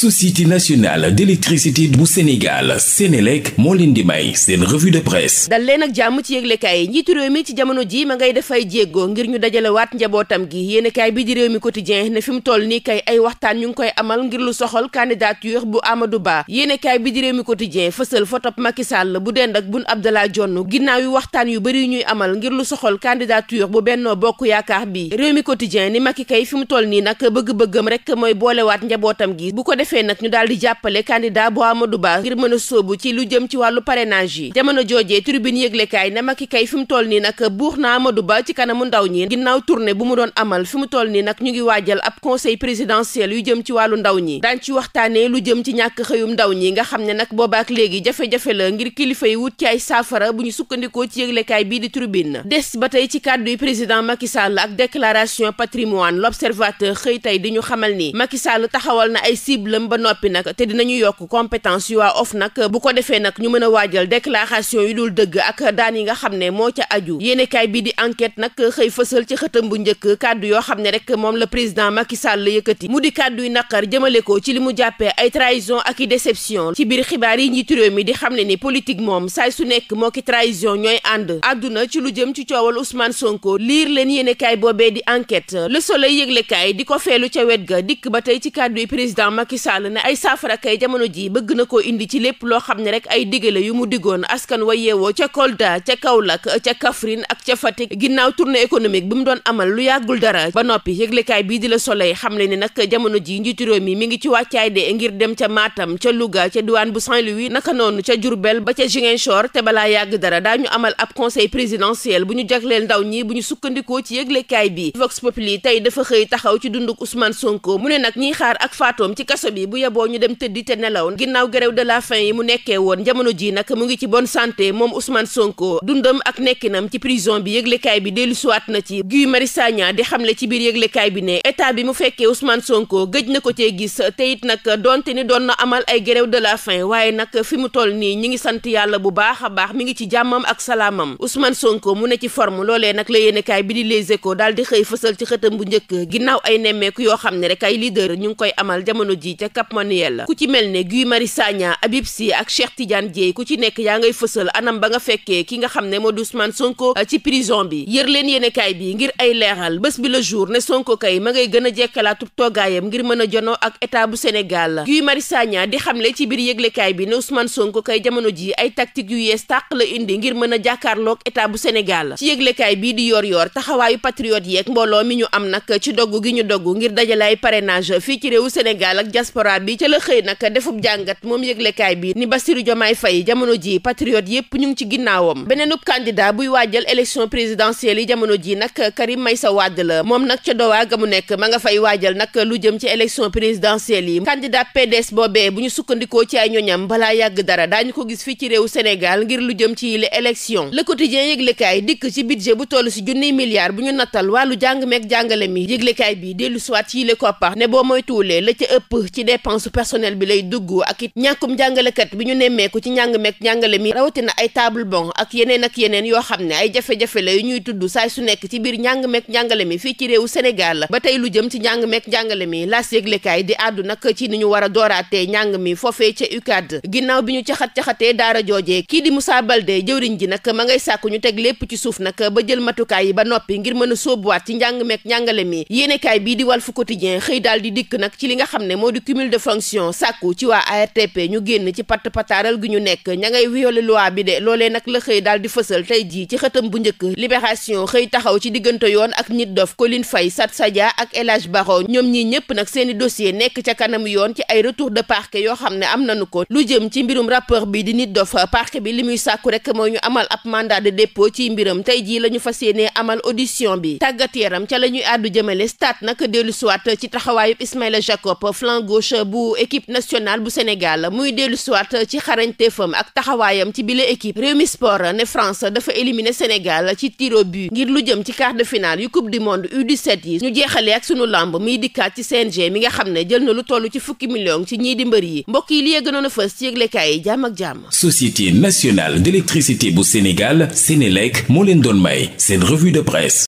société nationale d'électricité bu Sénégal Sénélec moo leen di may seen revue de presse dal leen ak jàmm ci yëglekaay yi njiitu réew mi ci jamono ji ma ngay dafay jéego ngir ñu dajalewaat njabootam gi yéenekaay bi di réew mi quotidien ne fi mu toll nii kay ay waxtaan ñu ngi koy amal ngir lu soxal candidature bu Amadou Ba yéenekaay bi di réew mi quotidien fësal fotop Macky Sall bu dend ak Boun Abdallah Dionne ginnaaw yi waxtaan yu bëri ñuy amal ngir lu soxal candidature bu Benno Bokk Yaakaar bi réew mi ni Macky kay fi mu toll nii nag bëgg-bëggam rek mooy boolewaat njabootam gi bu ko defee nag ñu daal di jàppale candidat bu Amadou Ba ngir mën a sóobu ci lu jëm ci wàllu parrainage yi jamono joojee tribune yëglekaay ne Macky kay fi mu toll nii nag buux na Amadou Ba ci kanamu ndaw ñi ginnaaw tournée bu mu doon amal fi mu toll nii nag ñu ngi waajal ab conseil présidentiel yu jëm ci wàllu ndaw ñi daan ci waxtaanee lu jëm ci ñàkk xëyum ndaw ñi nga xam ne nag boobaak léegi jafe-jafe la ngir kilifa yi wut ci ay saafara bu ñu sukkandikoo ci yëglekaay bii di tribune des ba tey ci kàddu yi président Macky Sall ak déclaration patrimoine l'observateur xëy tey di ñu xamal ni Macky Sall taxawal na ay cible gërëm ba noppi nag te dinañu yokk compétence yu waa of nag bu ko defee nag ñu mën a waajal déclaration yu dul dëgg ak daan yi nga xam ne moo ca aju yéenekaay bi di enquête nag xëy fësal ci xëtam bu njëkk kàddu yoo xam ne rek moom la président Macky Sall la yëkkati mu di kàddu yu naqar jëmale ko ci li mu jàppee ay trahison ak i déception ci biir xibaar yi njiitu réew mi di xam ne ni politique moom saay su nekk moo ki trahison ñooy ànd àdduna ci lu jëm ci coowal Ousmane Sonko liir leen yéenekaay boobee di enquête Le Soleil yëglekaay di ko feelu ca wet ga Sall ne ay saafara kay jamono ji bëgg na koo indi ci lépp loo xam ne rek ay digale yu mu diggoon askan wa yeewoo ca Kolda ca Kaolack ca Kaffrine ak ca Fatick ginnaaw tournée économique bi mu doon amal lu yàggul dara ba noppi yëglekaay bii di la Soleil xam le ne nag jamono ji njiitu réew mi mi ngi ci wàccaay de ngir dem ca Matam ca Louga ca diwaan bu Saint-Louis naka noonu ca Diourbel ba ca Ziguinchor te balaa yàgg dara daa ñu amal ab conseil présidentiel bu ñu jagleel ndaw ñi bu ñu sukkandikoo ci yëglekaay bi ci dunduk Ousmane Sonko bi bu yeboo ñu dem tëddi te nelaw ginnaaw grève de la faim yi mu nekkee woon jamono ji nag mu ngi ci bonne santé moom Ousmane Sonko dundam ak nekkinam ci prison bi yëglekaay bi dellu siwaat na ci Guy Marius Sagna di xamle ci biir yëglekaay bi ne état bi mu fekkee Ousmane Sonko gëj na ko cee gis te it nag donte ni doon na amal ay grève de la faim waaye nag fi mu toll nii ñu ngi sant yàlla bu baax a baax mu ngi ci jàmmam ak salaamam Ousmane Sonko mu ne ci forme loolee nag la yéenekaay bi di Les Échos xëy fësal ci xëtam bu njëkk ginnaaw ay nemmeeku yoo xam ne rek ay leader ñu ngi koy amal jamono ji ca Cap la ku ci mel ne Guy mari Sagna Habib Sy ak Cheikh Tidiane Dièye ku ci nekk yaa ngay fësal anam ba nga fekkee ki nga xam ne moo di Ousmane Sonko euh, ci prison bi yër leen yéenekaay bi ngir ay leeral bés bi la jour ne Sonko kay ma ngay gën a jekkalaatub toogaayam ngir mën a jonoo ak état bu la Guy mari Sagna di xamle ci biir yëglekaay bi ne Ousmane Sonko kay jamono ji ay tactique yu yees tàq la indi ngir mën a jàkkaarloog état bu Sénégal ci yëglekaay bii di yor yor taxawaayu patriote yeeg mbooloo mi ñu am nag ci dogg gi ñu dogg ngir dajale ay fii ci réewu Sénégal diaspora bi ca la xëy nag defub jàngat moom ngi ci ginnaawam beneenub candidat buy waajal élection présidentielle yi jamono ji nag Karim Meïssa Wade la moom nag ca Doha ga mu nekk ma nga fay waajal nag lu jëm ci élection présidentielle yi candidat PDS boobee bu ñu sukkandikoo ci ay ñoñam balaa yàgg dara daañu ko gis fii ci réew Sénégal ngir lu jëm ci les élections le quotidien yëglekaay dikk ci budget bu toll si junniy milliards bu ñu nattal wàllu jàng meeg jàngale mi yëglekaay bi dellu siwaat ci le koppax ne ci dépense personnel bi lay dugg ak it ñàkkum jàngalekat bi ñu nemmeeku ci njàng meeg njàngale mi rawatina ay table bon ak yeneen ak yeneen yoo xam ne ay jafe-jafe la yu ñuy tudd saay su nekk ci biir njàng meeg njàngale mi fii ci réewu Sénégal ba tey lu jëm ci njàng meeg njàngale mi laas yëglekaay di àddu nag ci ni ñu war a dooraatee njàng mi foofee ca UCAD ginnaaw bi ñu caxat-caxatee daara joojee kii di Moussa Baldé jëwriñ ji nag ma ngay sàkku ñu teg lépp ci suuf nag ba jël matukaay yi ba noppi ngir mën a sóobuwaat ci njàng meeg njàngale mi cumul de fonction sàkku ci waa ARTP ñu génn ci patt pataaral gi ñu nekk ña ngay violé bi de loolee nag la xëy daal di fësal tey jii ci xëtam bu njëkk libération xëy taxaw ci diggante yoon ak nit dof Colline Faye Sat Sadia ak El Hadj ñoom ñii ñëpp nag seen i nekk ca kanam yoon ci ay retour de parquet yoo xam ne am nañu ko lu jëm ci mbirum rappeur bi di nit dof parquet bi li muy sàkku rek mooy ñu amal ab mandat de dépôt ci mbiram tey jii la ñu fas bi tàggat yaram ca la ñuy àddu jëmale stade nag dellu siwaat gauche bu équipe nationale bu Sénégal muy dellu siwaat ci xarañteefam ak taxawaayam ci bile équipe Rewmi Sport ne France dafa éliminer Sénégal ci tiro au ngir lu jëm ci quart de finale yu coupe du monde U17 yi ñu jeexalee ak sunu làmb muy dikkaat ci CNG mi nga xam ne jël na lu toll ci fukki million ci ñii di mbër yi mbokk yi li yëgënoon a fës ci yëglekaay yi jàmm ak jàmm. Société nationale d'électricité bu Sénégal Sénélec moo leen doon may seen revue de presse.